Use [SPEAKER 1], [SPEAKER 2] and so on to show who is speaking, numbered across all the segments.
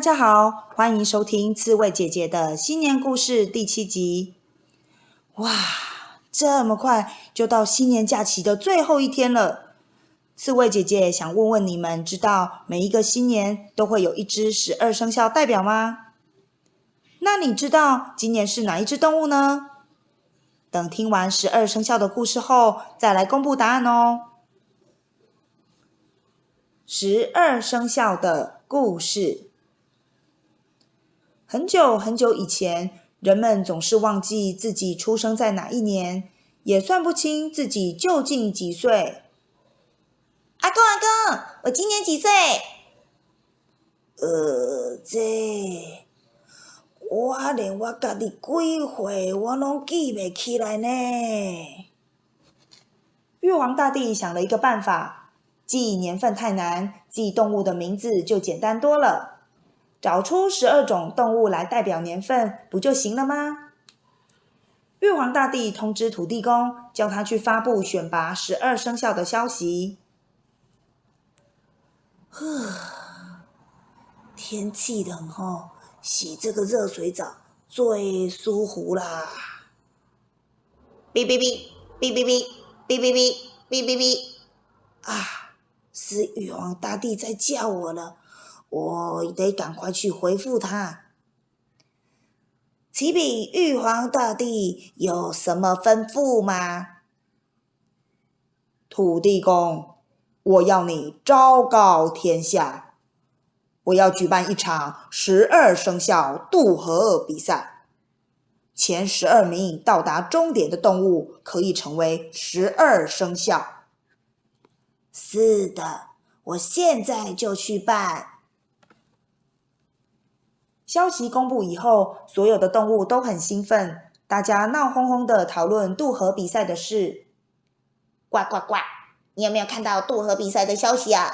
[SPEAKER 1] 大家好，歡迎收聽刺蝟姐姐的新年故事第七集。哇，這麼快就到新年假期的最後一天了。刺蝟姐姐想問問你們，知道每一個新年都會有一隻十二生肖代表嗎？那你知道今年是哪一隻動物呢？等聽完十二生肖的故事後，再來公布答案哦。十二生肖的故事。很久很久以前，人們總是忘記自己出生在哪一年，也算不清自己究竟幾歲。阿公阿公，我今年幾歲？呃，這，我連我家己幾歲我都記不起來呢。玉皇大帝想了一個辦法，記年份太難，記動物的名字就簡單多了。找出十二種動物來代表年份，不就行了嗎？玉皇大帝通知土地公，叫他去發布選拔十二生肖的消息。呵，天氣冷哦，洗這個熱水澡最舒服啦！嗶嗶嗶嗶嗶嗶嗶嗶嗶嗶嗶嗶嗶嗶啊，是玉皇大帝在叫我呢。我得趕快去回復他。啟稟玉皇大帝，有什麼吩咐嗎？土地公，我要你昭告天下，我要舉辦一場十二生肖渡河比賽，前十二名到達終點的動物可以成為十二生肖。是的，我現在就去辦。消息公布以後，所有的動物都很興奮，大家鬧哄哄的討論渡河比賽的事。呱呱呱！你有沒有看到渡河比賽的消息啊？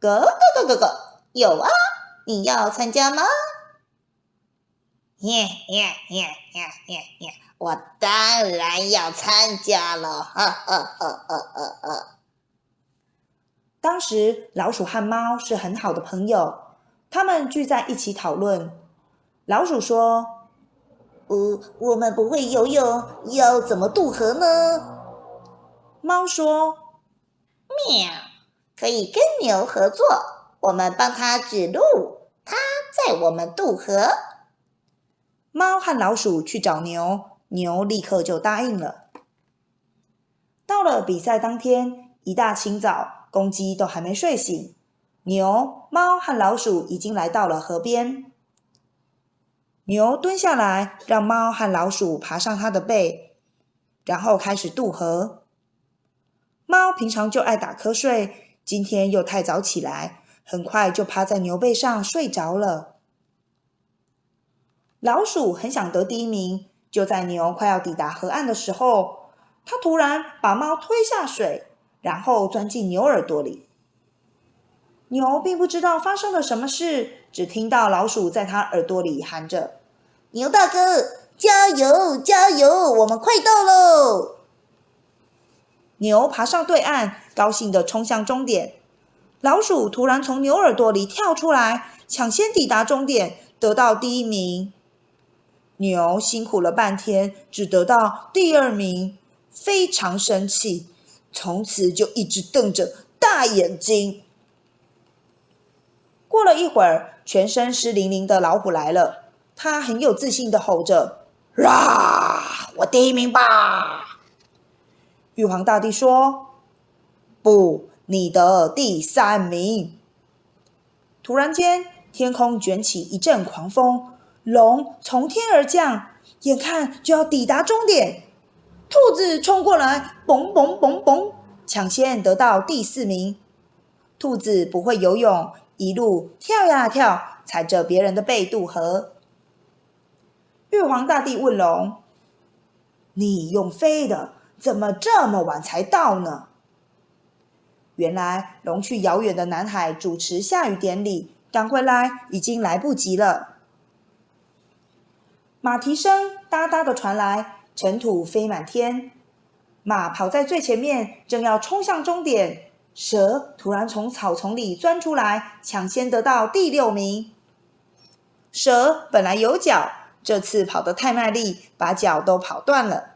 [SPEAKER 1] 哥哥哥哥，呱！有啊！你要參加嗎？耶耶耶耶耶耶！我當然要參加了！哈哈哈哈哈！當時，老鼠和貓是很好的朋友。他們聚在一起討論。老鼠說：“哦、呃，我們不會游泳，要怎麼渡河呢？”貓說：“喵，可以跟牛合作，我們幫它指路，它載我們渡河。”貓和老鼠去找牛，牛立刻就答應了。到了比賽當天，一大清早，公雞都還沒睡醒。牛、貓和老鼠已經來到了河邊。牛蹲下來，讓貓和老鼠爬上它的背，然後開始渡河。貓平常就愛打瞌睡，今天又太早起來，很快就趴在牛背上睡着了。老鼠很想得第一名，就在牛快要抵達河岸的時候，它突然把貓推下水，然後鑽進牛耳朵裡。牛並不知道發生了什麼事，只聽到老鼠在它耳朵裡喊着：“牛大哥，加油，加油！我們快到嘍！”牛爬上對岸，高興地衝向終點。老鼠突然從牛耳朵裡跳出來，搶先抵達終點，得到第一名。牛辛苦了半天，只得到第二名，非常生氣，從此就一直瞪着大眼睛。過了一會兒，全身濕淋淋的老虎來了。他很有自信地吼着：“啊，我第一名吧！”玉皇大帝說：“不，你得第三名。”突然間，天空捲起一陣狂風，龍從天而降，眼看就要抵達終點。兔子衝過來，嘣嘣嘣嘣，搶先得到第四名。兔子不會游泳。一路跳呀跳，踩着別人的背渡河。玉皇大帝問龍：“你用飛的，怎麼這麼晚才到呢？”原來龍去遙遠的南海主持下雨典禮，趕回來已經來不及了。馬蹄聲噠噠的傳來，塵土飛滿天，馬跑在最前面，正要衝向終點。蛇突然從草叢裡鑽出來，搶先得到第六名。蛇本來有腳，這次跑得太賣力，把腳都跑斷了。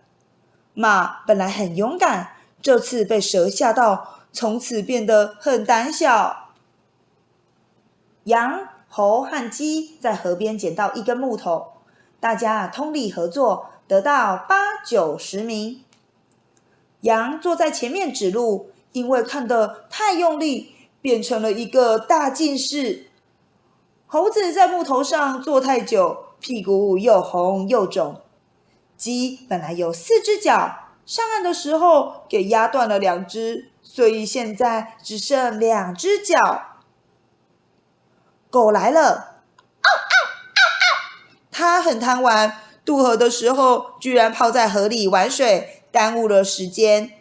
[SPEAKER 1] 馬本來很勇敢，這次被蛇嚇到，從此變得很膽小。羊、猴和雞在河邊撿到一根木頭，大家通力合作，得到八九十名。羊坐在前面指路。因為看得太用力，變成了一個大近視。猴子在木頭上坐太久，屁股又紅又腫。雞本來有四隻腳，上岸的時候給壓斷了兩隻，所以現在只剩兩隻腳。狗來了，oh, oh, oh, oh 它很貪玩，渡河的時候居然泡在河裡玩水，耽誤了時間。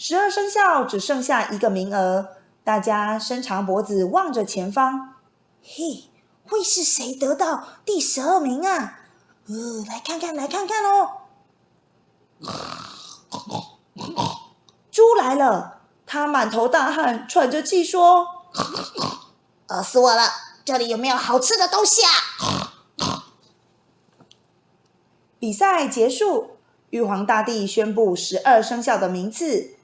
[SPEAKER 1] 十二生肖只剩下一個名額，大家伸長脖子望着前方。嘿，會是誰得到第十二名啊？嗯，來看看，來看看哦！豬來了，他滿頭大汗，喘着氣說：“餓死我了！這裡有沒有好吃的東西啊？”比賽結束，玉皇大帝宣布十二生肖的名次。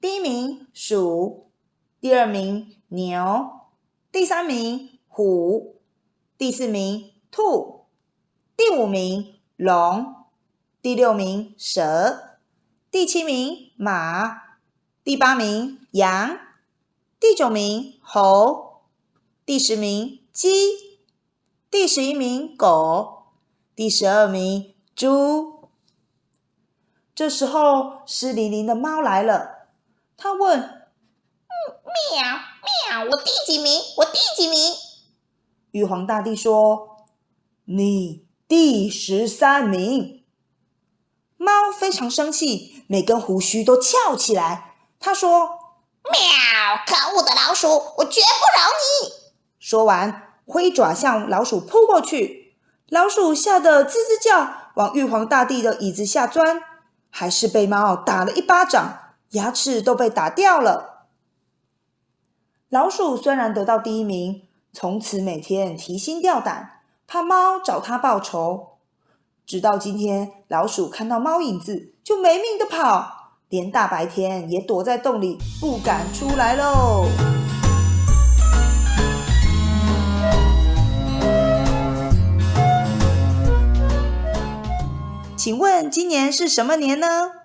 [SPEAKER 1] 第一名鼠，第二名牛，第三名虎，第四名兔，第五名龍，第六名蛇，第七名馬，第八名羊，第九名猴，第十名雞，第十一名狗，第十二名豬，第十二名豬。這時候，濕淋淋的貓來了。他問：“嗯、喵喵，我第幾名？我第幾名？”玉皇大帝說：“你第十三名。”貓非常生氣，每根鬍鬚都翹起來。他說：“喵！可惡的老鼠，我絕不饒你！”說完，揮爪向老鼠撲過去。老鼠嚇得吱吱叫，往玉皇大帝的椅子下鑽，還是被貓打了一巴掌。牙齒都被打掉了。老鼠雖然得到第一名，從此每天提心吊膽，怕貓找它報仇。直到今天，老鼠看到貓影子就沒命的跑，連大白天也躲在洞裡不敢出來嘍。請問今年是什麼年呢？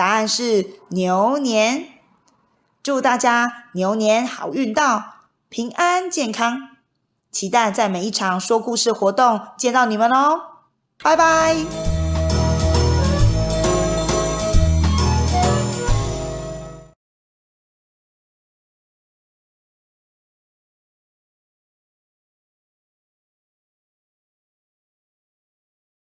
[SPEAKER 1] 答案是牛年，祝大家牛年好運到，平安健康，期待在每一場說故事活動見到你們哦，拜拜。